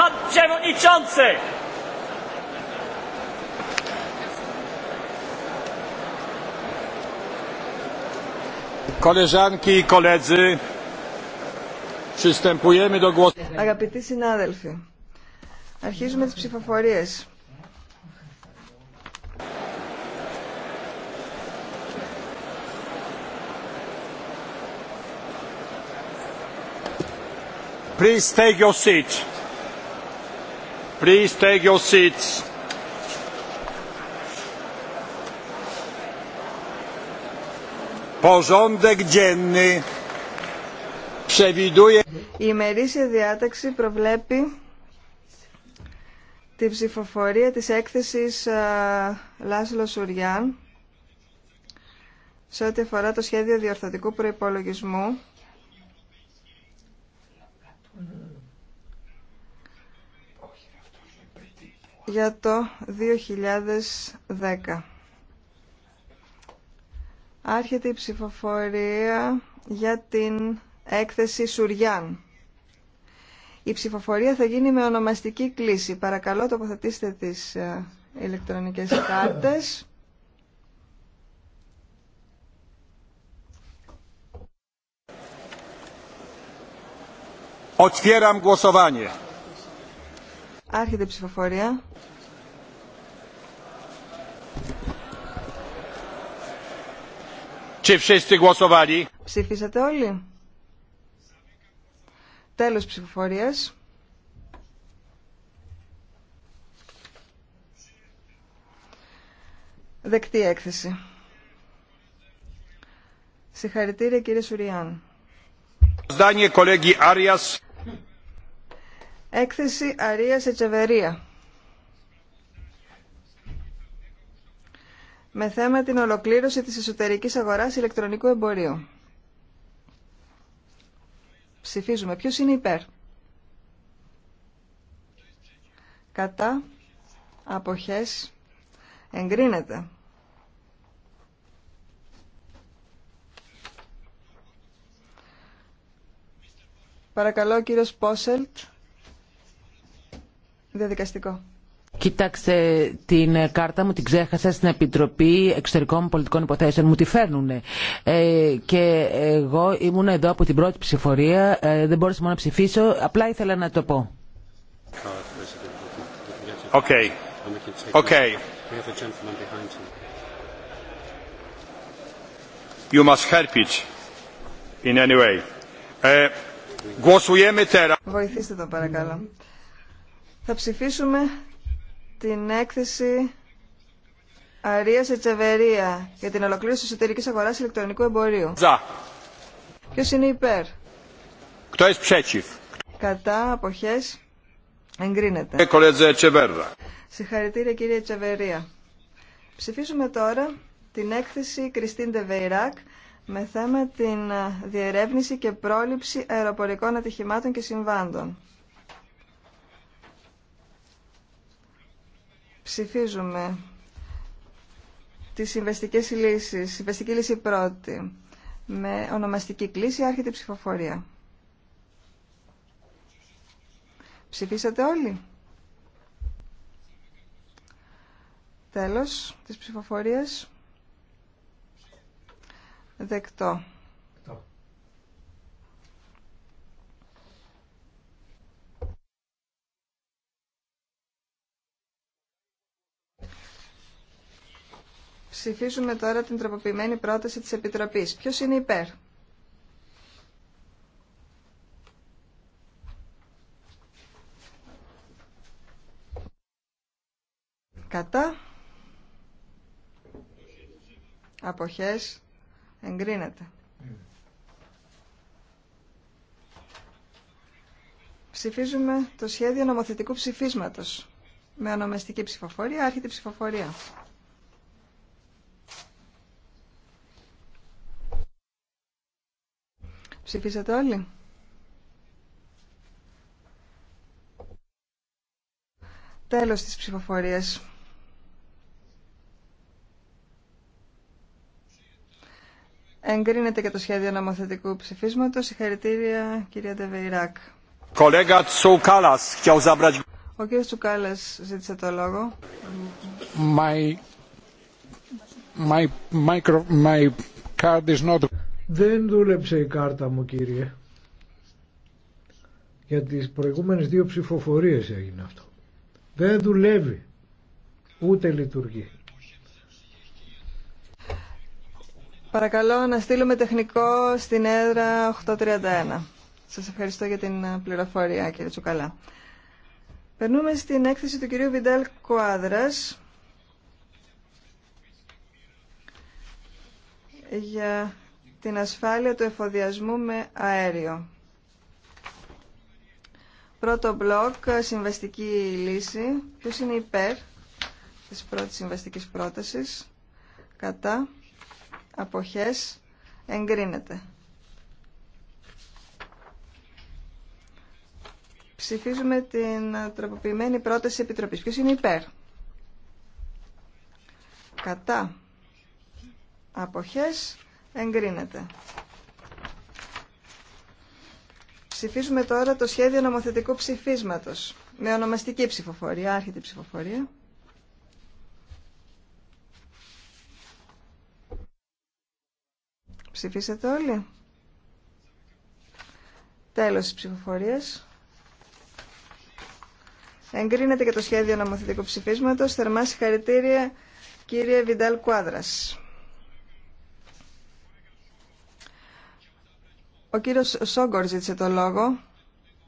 Pan Przewodniczący! Koleżanki i koledzy, przystępujemy do głosu. Αγαπητοί συνάδελφοι, αρχίζουμε τις ψηφοφορίες. Please take your seat. Η ημερήσια διάταξη προβλέπει τη ψηφοφορία της έκθεσης Λάσλο Σουριάν σε ό,τι αφορά το σχέδιο διορθωτικού προϋπολογισμού για το 2010. Άρχεται η ψηφοφορία για την έκθεση Σουριάν. Η ψηφοφορία θα γίνει με ονομαστική κλίση. Παρακαλώ τοποθετήστε τις ε, ηλεκτρονικές κάρτες. Otwieram głosowanie. Άρχεται η ψηφοφορία. Ψήφισατε όλοι. Τέλος ψηφοφορίας. Δεκτή έκθεση. Συγχαρητήρια κύριε Σουριάν. Έκθεση Αρία Ετσεβερία. με θέμα την ολοκλήρωση της εσωτερικής αγοράς ηλεκτρονικού εμπορίου. Ψηφίζουμε. Ποιος είναι υπέρ. Κατά. Αποχές. Εγκρίνεται. Παρακαλώ, κύριος Πόσελτ. Διαδικαστικό. Κοίταξε την κάρτα μου, την ξέχασα στην Επιτροπή Εξωτερικών Πολιτικών Υποθέσεων. Μου τη φέρνουν. Ε, και εγώ ήμουν εδώ από την πρώτη ψηφορία. Ε, δεν μπόρεσα μόνο να ψηφίσω. Απλά ήθελα να το πω. Okay. Okay. You must help it in any way. Ε, Βοηθήστε το παρακαλώ θα ψηφίσουμε την έκθεση Αρία Ετσεβερία για την ολοκλήρωση τη εσωτερική αγοράς ηλεκτρονικού εμπορίου. Ζα. Ποιος είναι υπέρ. Κατά, αποχέ. εγκρίνεται. Ε, Συγχαρητήρια κύριε Ετσεβερία. Ψηφίσουμε τώρα την έκθεση Κριστίν Τεβεϊράκ με θέμα την διερεύνηση και πρόληψη αεροπορικών ατυχημάτων και συμβάντων. Ψηφίζουμε τις συμβεστικές λύσεις. Συμβαστική λύση πρώτη. Με ονομαστική κλίση άρχεται η ψηφοφορία. Ψηφίσατε όλοι. Τέλος της ψηφοφορίας. Δεκτό. Ψηφίζουμε τώρα την τροποποιημένη πρόταση της Επιτροπής. Ποιος είναι υπέρ. Κατά. Αποχές. Εγκρίνεται. Ψηφίζουμε το σχέδιο νομοθετικού ψηφίσματος. Με ονομαστική ψηφοφορία Άρχιτε ψηφοφορία. Ψηφίσατε όλοι. Τέλος της ψηφοφορίας. Εγκρίνεται και το σχέδιο νομοθετικού ψηφίσματος. Συγχαρητήρια, κυρία Ντεβεϊράκ. Ο κύριος Τσουκάλας ζήτησε το λόγο. My, my, my card is not... Δεν δούλεψε η κάρτα μου κύριε. Για τις προηγούμενες δύο ψηφοφορίες έγινε αυτό. Δεν δουλεύει. Ούτε λειτουργεί. Παρακαλώ να στείλουμε τεχνικό στην έδρα 831. Σας ευχαριστώ για την ε, πληροφορία κύριε Τσουκαλά. Περνούμε στην έκθεση του κυρίου Βιντάλ Κουάδρας για την ασφάλεια του εφοδιασμού με αέριο. Πρώτο μπλοκ, συμβαστική λύση. Ποιος είναι υπέρ της πρώτης συμβαστικής πρότασης. Κατά. Αποχές. Εγκρίνεται. Ψηφίζουμε την τροποποιημένη πρόταση επιτροπής. Ποιος είναι υπέρ. Κατά. Αποχές. Εγκρίνεται. Ψηφίζουμε τώρα το σχέδιο νομοθετικού ψηφίσματος με ονομαστική ψηφοφορία, άρχιτη ψηφοφορία. Ψηφίσατε όλοι. Τέλος της ψηφοφορίας. Εγκρίνεται και το σχέδιο νομοθετικού ψηφίσματος. Θερμά συγχαρητήρια κύριε Βιντάλ Κουάδρας. Ο κύριος Σόγκορ ζήτησε το λόγο,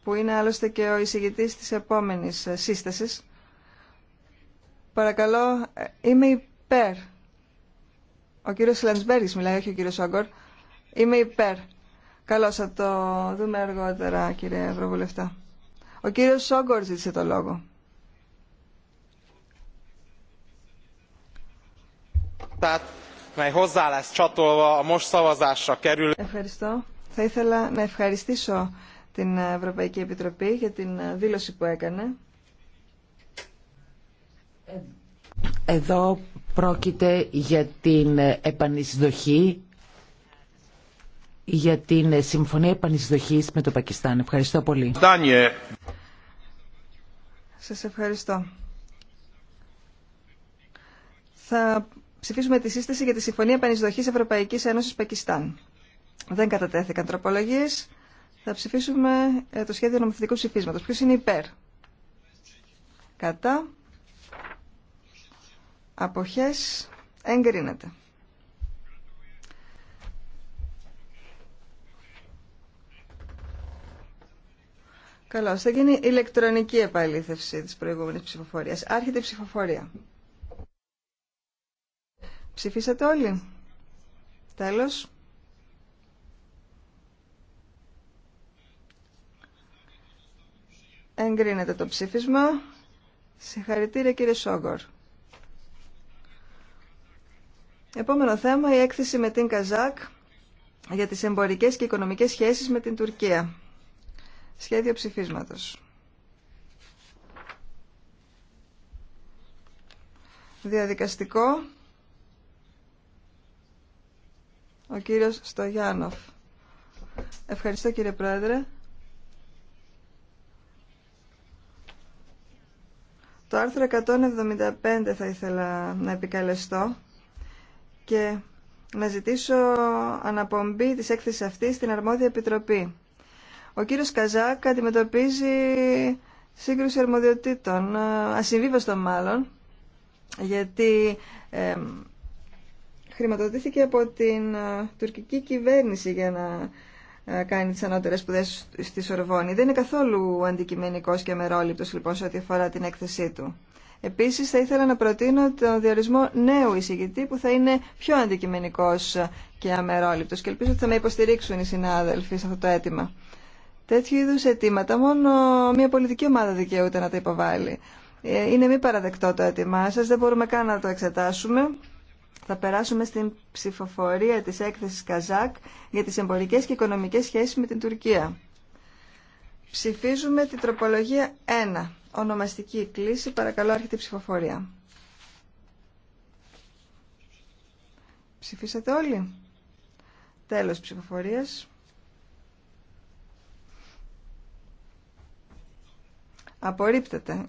που είναι άλλωστε και ο εισηγητής της επόμενης σύστασης. Παρακαλώ, είμαι υπέρ. Ο κύριος Λαντσμπέργης μιλάει, όχι ο κύριος Σόγκορ. Είμαι υπέρ. Καλώ θα το δούμε αργότερα, κύριε Ευρωβουλευτά. Ο κύριος Σόγκορ ζήτησε το λόγο. Ευχαριστώ. Θα ήθελα να ευχαριστήσω την Ευρωπαϊκή Επιτροπή για την δήλωση που έκανε. Εδώ πρόκειται για την επανεισδοχή, για την Συμφωνία Επανεισδοχής με το Πακιστάν. Ευχαριστώ πολύ. Σας ευχαριστώ. Θα ψηφίσουμε τη σύσταση για τη Συμφωνία Επανεισδοχής Ευρωπαϊκής Ένωσης Πακιστάν. Δεν κατατέθηκαν τροπολογίε. Θα ψηφίσουμε ε, το σχέδιο νομοθετικού ψηφίσματος. Ποιο είναι υπέρ. Κατά. αποχέ. Εγκρίνεται. Καλώ. Θα γίνει ηλεκτρονική επαλήθευση της προηγούμενης ψηφοφορίας. Άρχεται η ψηφοφορία. Ψηφίσατε όλοι. Τέλος. Εγκρίνεται το ψήφισμα. Συγχαρητήρια κύριε Σόγκορ. Επόμενο θέμα, η έκθεση με την Καζάκ για τις εμπορικές και οικονομικές σχέσεις με την Τουρκία. Σχέδιο ψηφίσματος. Διαδικαστικό. Ο κύριος Στογιάνοφ. Ευχαριστώ κύριε Πρόεδρε. Το άρθρο 175 θα ήθελα να επικαλεστώ και να ζητήσω αναπομπή της έκθεσης αυτής στην αρμόδια επιτροπή. Ο κύριος Καζάκ αντιμετωπίζει σύγκρουση αρμοδιοτήτων, ε, ασυμβίβαστο μάλλον, γιατί ε, χρηματοδοτήθηκε από την ε, τουρκική κυβέρνηση για να ε, κάνει τι ανώτερε σπουδέ στη Σορβόνη. Δεν είναι καθόλου αντικειμενικό και αμερόληπτο λοιπόν σε ό,τι αφορά την έκθεσή του. Επίση, θα ήθελα να προτείνω τον διορισμό νέου εισηγητή που θα είναι πιο αντικειμενικό και αμερόληπτο και ελπίζω ότι θα με υποστηρίξουν οι συνάδελφοι σε αυτό το αίτημα. Τέτοιου είδου αιτήματα μόνο μια πολιτική ομάδα δικαιούται να τα υποβάλει. Ε, είναι μη παραδεκτό το αίτημά σα, δεν μπορούμε καν να το εξετάσουμε θα περάσουμε στην ψηφοφορία της έκθεσης Καζάκ για τις εμπορικές και οικονομικές σχέσεις με την Τουρκία. Ψηφίζουμε την τροπολογία 1. Ονομαστική κλίση. Παρακαλώ, άρχεται η ψηφοφορία. Ψηφίσατε όλοι. Τέλος ψηφοφορίας. Απορρίπτεται.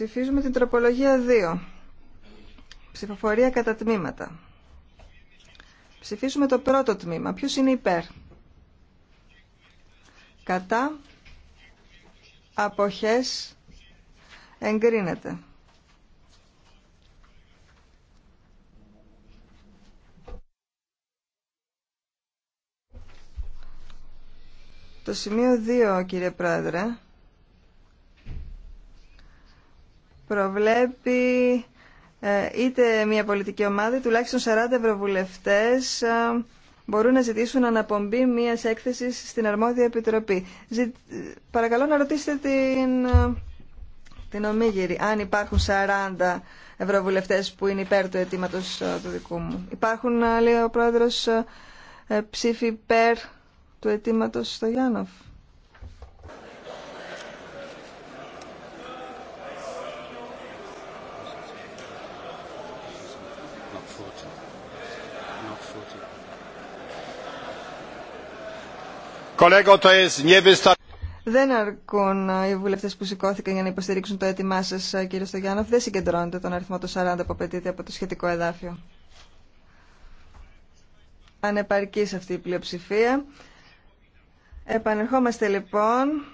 Ψηφίζουμε την τροπολογία 2. Ψηφοφορία κατά τμήματα. Ψηφίζουμε το πρώτο τμήμα. Ποιος είναι υπέρ. Κατά. Αποχές. Εγκρίνεται. Το σημείο 2, κύριε Πρόεδρε, προβλέπει ε, είτε μια πολιτική ομάδα, τουλάχιστον 40 ευρωβουλευτές ε, μπορούν να ζητήσουν αναπομπή μιας έκθεσης στην αρμόδια επιτροπή. Παρακαλώ να ρωτήσετε την, ε, την Ομίγυρη, αν υπάρχουν 40 ευρωβουλευτές που είναι υπέρ του αιτήματο του δικού μου. Υπάρχουν, λέει ο πρόεδρος, ψήφοι υπέρ του αιτήματο στο Γιάννοφ. Δεν αρκούν ε, οι βουλευτέ που σηκώθηκαν για να υποστηρίξουν το αίτημά σα, ε, κύριε Στογιάννοφ. Δεν συγκεντρώνεται τον αριθμό των 40 που απαιτείται από το σχετικό εδάφιο. Ανεπαρκής αυτή η πλειοψηφία. Επανερχόμαστε λοιπόν.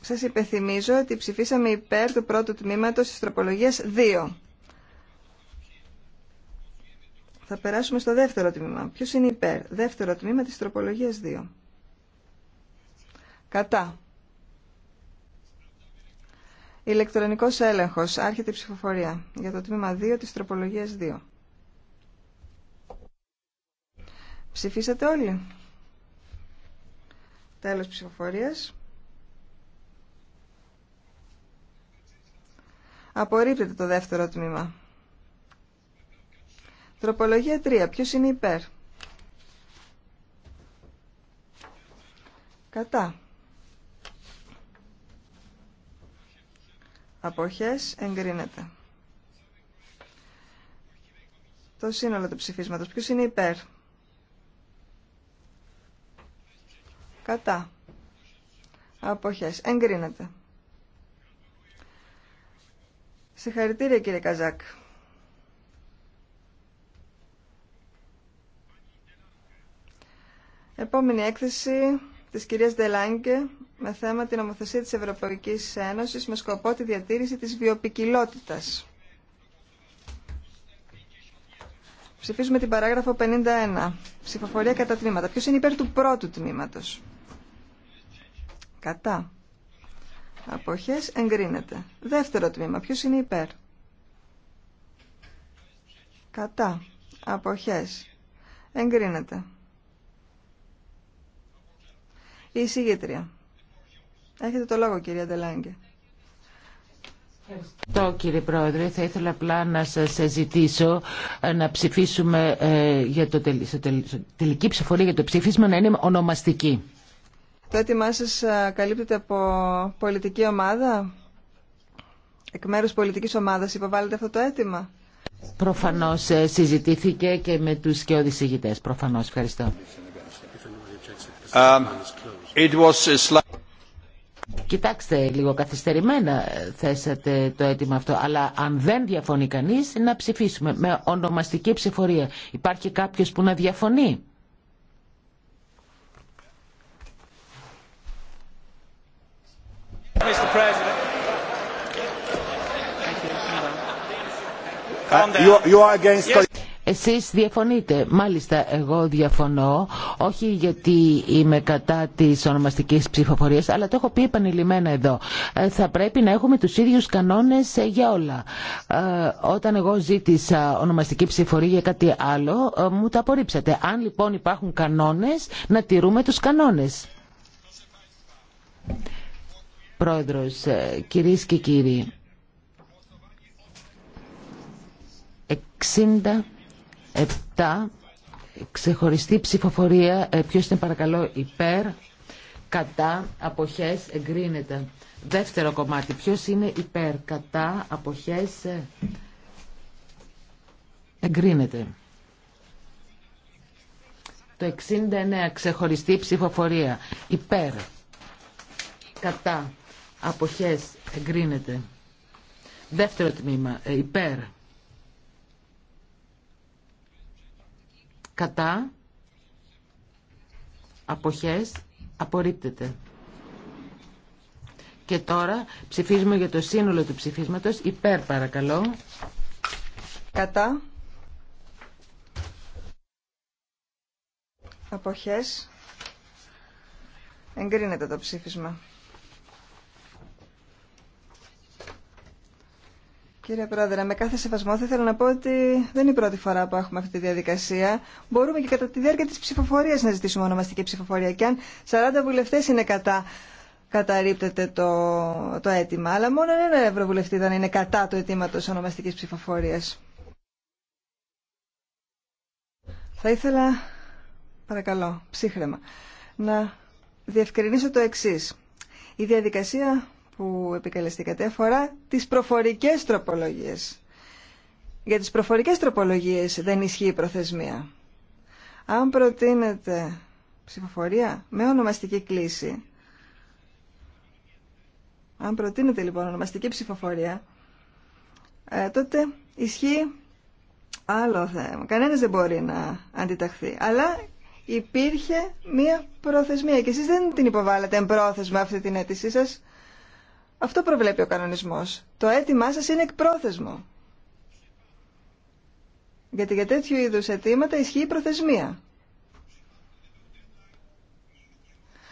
Σα υπενθυμίζω ότι ψηφίσαμε υπέρ του πρώτου τμήματος της τροπολογία 2. Θα περάσουμε στο δεύτερο τμήμα. Ποιο είναι υπέρ. Δεύτερο τμήμα της τροπολογία 2. Κατά. Ηλεκτρονικός έλεγχος. Άρχεται η ψηφοφορία. Για το τμήμα 2 της τροπολογίας 2. Ψηφίσατε όλοι. Τέλος ψηφοφορίας. Απορρίπτεται το δεύτερο τμήμα. Τροπολογία 3. Ποιος είναι υπέρ. Κατά. αποχές εγκρίνεται. Το σύνολο του ψηφίσματος. Ποιος είναι υπέρ. Κατά. Αποχές. Εγκρίνεται. Συγχαρητήρια κύριε Καζάκ. Επόμενη έκθεση της κυρίας Δελάνκε με θέμα την ομοθεσία της Ευρωπαϊκής Ένωσης με σκοπό τη διατήρηση της βιοπικιλότητας. Ψηφίζουμε την παράγραφο 51. Ψηφοφορία κατά τμήματα. Ποιος είναι υπέρ του πρώτου τμήματος. Κατά. Αποχές εγκρίνεται. Δεύτερο τμήμα. Ποιος είναι υπέρ. Κατά. Αποχές. Εγκρίνεται. Η εισηγήτρια. Έχετε το λόγο κυρία Ντελάγκε. Ευχαριστώ κύριε Πρόεδρε. Θα ήθελα απλά να σας ζητήσω ε, να ψηφίσουμε ε, για το τελική ψηφορία για το ψήφισμα να είναι ονομαστική. Το έτοιμά σας ε, καλύπτεται από πολιτική ομάδα. Εκ μέρους πολιτικής ομάδας υποβάλλεται αυτό το αίτημα. Προφανώς συζητήθηκε και με τους και ηγητές. Προφανώς. Ευχαριστώ. Um, Κοιτάξτε, λίγο καθυστερημένα ε, θέσατε το αίτημα αυτό, αλλά αν δεν διαφωνεί κανείς, να ψηφίσουμε με ονομαστική ψηφορία. Υπάρχει κάποιος που να διαφωνεί. Εσείς διαφωνείτε. Μάλιστα, εγώ διαφωνώ, όχι γιατί είμαι κατά της ονομαστικής ψηφοφορίας, αλλά το έχω πει επανειλημμένα εδώ. Ε, θα πρέπει να έχουμε τους ίδιους κανόνες ε, για όλα. Ε, όταν εγώ ζήτησα ονομαστική ψηφοφορία για κάτι άλλο, μου τα απορρίψατε. Αν λοιπόν υπάρχουν κανόνες, να τηρούμε τους κανόνες. Πρόεδρος, κυρίες και κύριοι, 60 7 ξεχωριστή ψηφοφορία ε, ποιος είναι παρακαλώ υπέρ κατά αποχές εγκρίνεται δεύτερο κομμάτι ποιος είναι υπέρ κατά αποχές ε, εγκρίνεται το 69 ξεχωριστή ψηφοφορία υπέρ κατά αποχές εγκρίνεται δεύτερο τμήμα ε, υπέρ κατά, αποχές, απορρίπτεται. Και τώρα ψηφίζουμε για το σύνολο του ψηφίσματος. Υπέρ παρακαλώ. Κατά. Αποχές. Εγκρίνεται το ψήφισμα. Κύριε Πρόεδρε, με κάθε σεβασμό θα ήθελα να πω ότι δεν είναι η πρώτη φορά που έχουμε αυτή τη διαδικασία. Μπορούμε και κατά τη διάρκεια τη ψηφοφορία να ζητήσουμε ονομαστική ψηφοφορία. Και αν 40 βουλευτέ είναι κατά, καταρρύπτεται το, το αίτημα. Αλλά μόνο ένα ευρωβουλευτή δεν είναι κατά το αιτήματο ονομαστική ψηφοφορία. Θα ήθελα, παρακαλώ, ψύχρεμα, να διευκρινίσω το εξή. Η διαδικασία που επικαλεστήκατε αφορά τις προφορικές τροπολογίες. Για τις προφορικές τροπολογίες δεν ισχύει η προθεσμία. Αν προτείνετε ψηφοφορία με ονομαστική κλίση, αν προτείνετε λοιπόν ονομαστική ψηφοφορία, ε, τότε ισχύει άλλο θέμα. Κανένας δεν μπορεί να αντιταχθεί. Αλλά υπήρχε μία προθεσμία και εσείς δεν την υποβάλλατε εμπρόθεσμα αυτή την αίτησή σας. Αυτό προβλέπει ο κανονισμός. Το αίτημά σας είναι εκπρόθεσμο. Γιατί για τέτοιου είδους αιτήματα ισχύει η προθεσμία.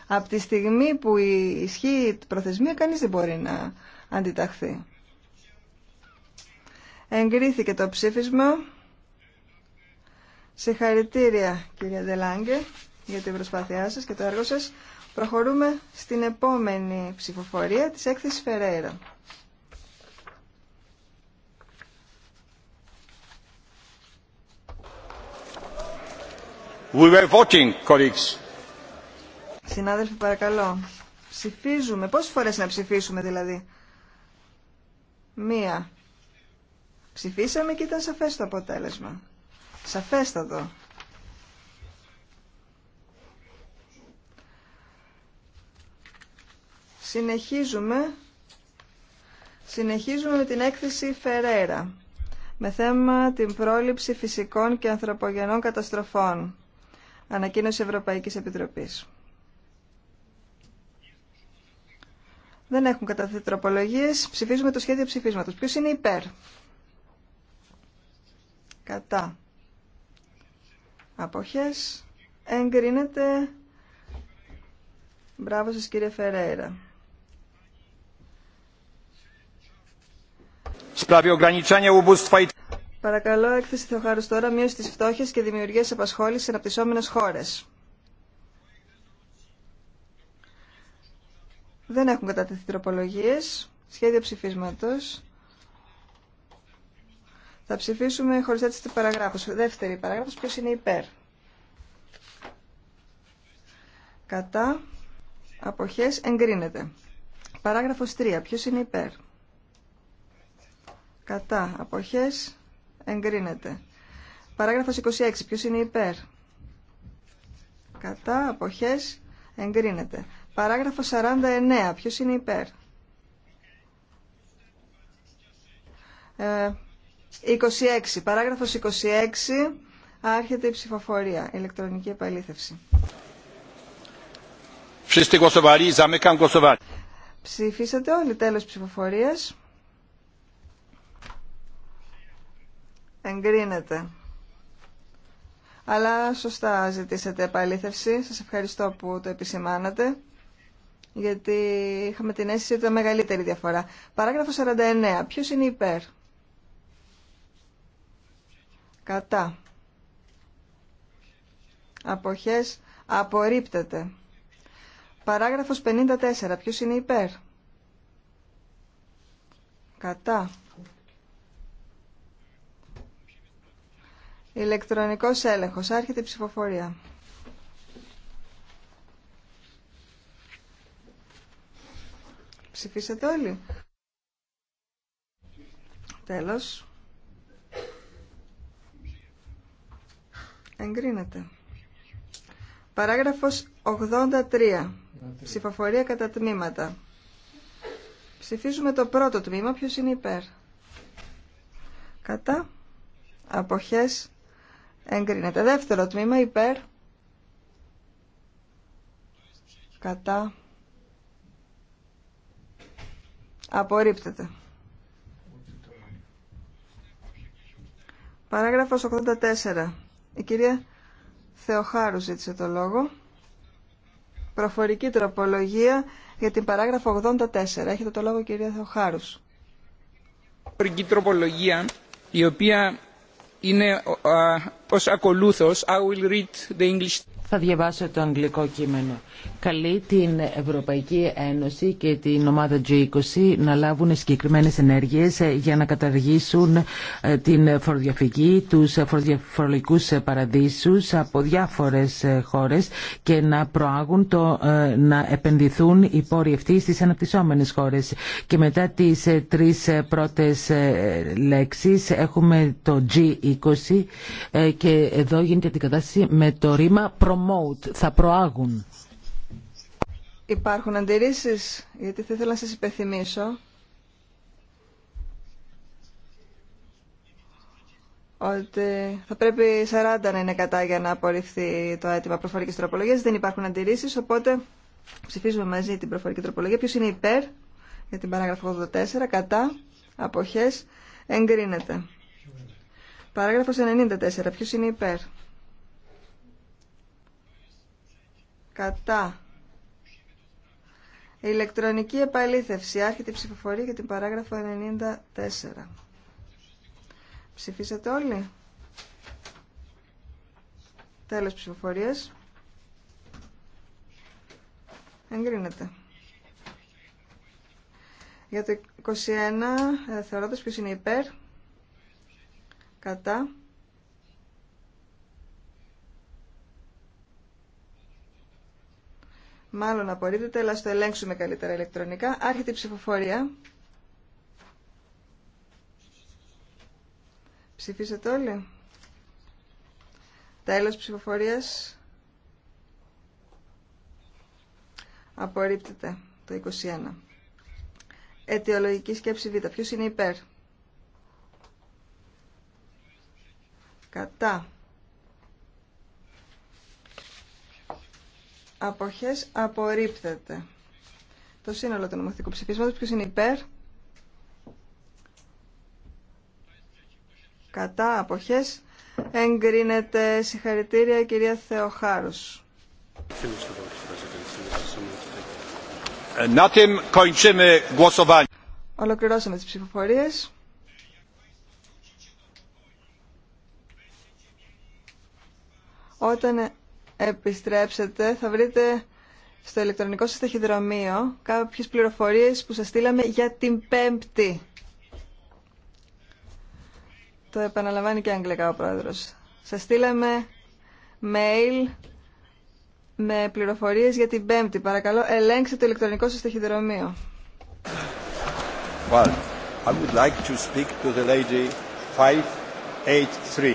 Από τη στιγμή που ισχύει η προθεσμία, κανείς δεν μπορεί να αντιταχθεί. Εγκρίθηκε το ψήφισμα. Σε χαρητήρια, κυρία Δελάγκε για την προσπάθειά σας και το έργο σας. Προχωρούμε στην επόμενη ψηφοφορία της έκθεσης Φεραίρα. We were voting, colleagues. Συνάδελφοι, παρακαλώ. Ψηφίζουμε. Πόσες φορές να ψηφίσουμε, δηλαδή. Μία. Ψηφίσαμε και ήταν σαφές το αποτέλεσμα. Σαφέστατο. Συνεχίζουμε. Συνεχίζουμε με την έκθεση Φερέρα με θέμα την πρόληψη φυσικών και ανθρωπογενών καταστροφών. Ανακοίνωση Ευρωπαϊκής Επιτροπής. Δεν έχουν καταθέσει τροπολογίες. Ψηφίζουμε το σχέδιο ψηφίσματος. Ποιος είναι υπέρ. Κατά. Αποχές. Εγκρίνεται. Μπράβο σας κύριε Φερέιρα. Παρακαλώ, έκθεση Θεοχάρου τώρα, μείωση τη φτώχεια και δημιουργία απασχόληση σε αναπτυσσόμενε χώρε. Δεν έχουν κατατεθεί τροπολογίε. Σχέδιο ψηφίσματο. Θα ψηφίσουμε χωριστά τι παραγράφου. Δεύτερη παράγραφος, ποιο είναι υπέρ. Κατά. Αποχές εγκρίνεται. Παράγραφος 3. Ποιος είναι υπέρ. Κατά. Αποχές. Εγκρίνεται. Παράγραφος 26. Ποιος είναι υπέρ. Κατά. Αποχές. Εγκρίνεται. Παράγραφος 49. Ποιος είναι υπέρ. Ε, 26. Παράγραφος 26. Άρχεται η ψηφοφορία. Ηλεκτρονική επαλήθευση. Ψηφίσατε όλοι τέλος ψηφοφορίας. Εγκρίνεται. Αλλά σωστά ζητήσατε επαλήθευση. Σας ευχαριστώ που το επισημάνατε. Γιατί είχαμε την αίσθηση ότι ήταν μεγαλύτερη διαφορά. Παράγραφο 49. Ποιος είναι υπέρ. Κατά. Αποχές. Απορρίπτεται. Παράγραφος 54. Ποιος είναι υπέρ. Κατά. Ηλεκτρονικός έλεγχος. Άρχεται η ψηφοφορία. Ψηφίσατε όλοι. Τέλος. Εγκρίνεται. Παράγραφος 83. Ψηφοφορία κατά τμήματα. Ψηφίζουμε το πρώτο τμήμα. Ποιος είναι υπέρ. Κατά. Αποχές εγκρίνεται. Δεύτερο τμήμα υπέρ κατά απορρίπτεται. Παράγραφος 84. Η κυρία Θεοχάρου ζήτησε το λόγο. Προφορική τροπολογία για την παράγραφο 84. Έχετε το λόγο κυρία Θεοχάρου. Προφορική τροπολογία η οποία είναι ως ακολούθως I will read the English θα διαβάσω το αγγλικό κείμενο. Καλεί την Ευρωπαϊκή Ένωση και την ομάδα G20 να λάβουν συγκεκριμένες ενέργειες ε, για να καταργήσουν ε, την φοροδιαφυγή, τους φορολογικούς ε, παραδείσους από διάφορες χώρες και να προάγουν το να επενδυθούν οι πόροι αυτοί στις αναπτυσσόμενες χώρες. Και μετά τις τρεις πρώτες λέξεις έχουμε το G20 και εδώ γίνεται την κατάσταση με το ρήμα προ Υπάρχουν αντιρρήσεις, γιατί θα ήθελα να σας υπενθυμίσω ότι θα πρέπει 40 να είναι κατά για να απορριφθεί το αίτημα προφορική τροπολογία. Δεν υπάρχουν αντιρρήσει, οπότε ψηφίζουμε μαζί την προφορική τροπολογία. Ποιο είναι υπέρ για την παράγραφο 84, κατά, αποχές, εγκρίνεται. Παράγραφο 94, Ποιο είναι υπέρ. Κατά. Ηλεκτρονική επαλήθευση. Άρχεται η ψηφοφορία για την παράγραφο 94. Ψηφίσατε όλοι. Τέλος ψηφοφορίας. Εγκρίνεται. Για το 21 ε, θεωρώντας ποιος είναι υπέρ. Κατά. Μάλλον απορρίπτεται, αλλά στο ελέγξουμε καλύτερα ηλεκτρονικά. Άρχεται η ψηφοφορία. Ψηφίσατε όλοι. Τέλος ψηφοφορίας. Απορρίπτεται το 21. Αιτιολογική σκέψη Β. Ποιος είναι υπέρ. Κατά. αποχές απορρίπτεται. Το σύνολο του νομοθετικού ψηφίσματος, ποιος είναι υπέρ, κατά αποχές εγκρίνεται. Συγχαρητήρια κυρία Θεοχάρους. Ολοκληρώσαμε τις ψηφοφορίες. Όταν επιστρέψετε θα βρείτε στο ηλεκτρονικό σας ταχυδρομείο κάποιες πληροφορίες που σας στείλαμε για την Πέμπτη. Το επαναλαμβάνει και αγγλικά ο πρόεδρος. Σας στείλαμε mail με πληροφορίες για την Πέμπτη. Παρακαλώ, ελέγξτε το ηλεκτρονικό σας ταχυδρομείο. Well, I would like to speak to the lady 583.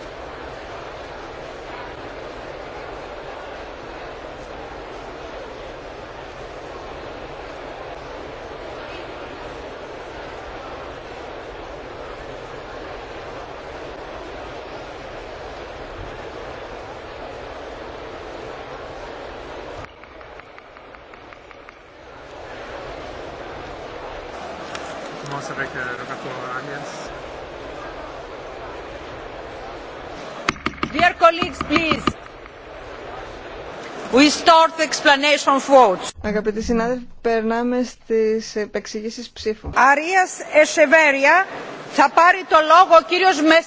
start the explanation of votes. Αγαπητοί συνάδελφοι, περνάμε στις επεξηγήσεις ψήφου. Αρίας Εσεβέρια θα πάρει το λόγο ο κύριος Μεσ...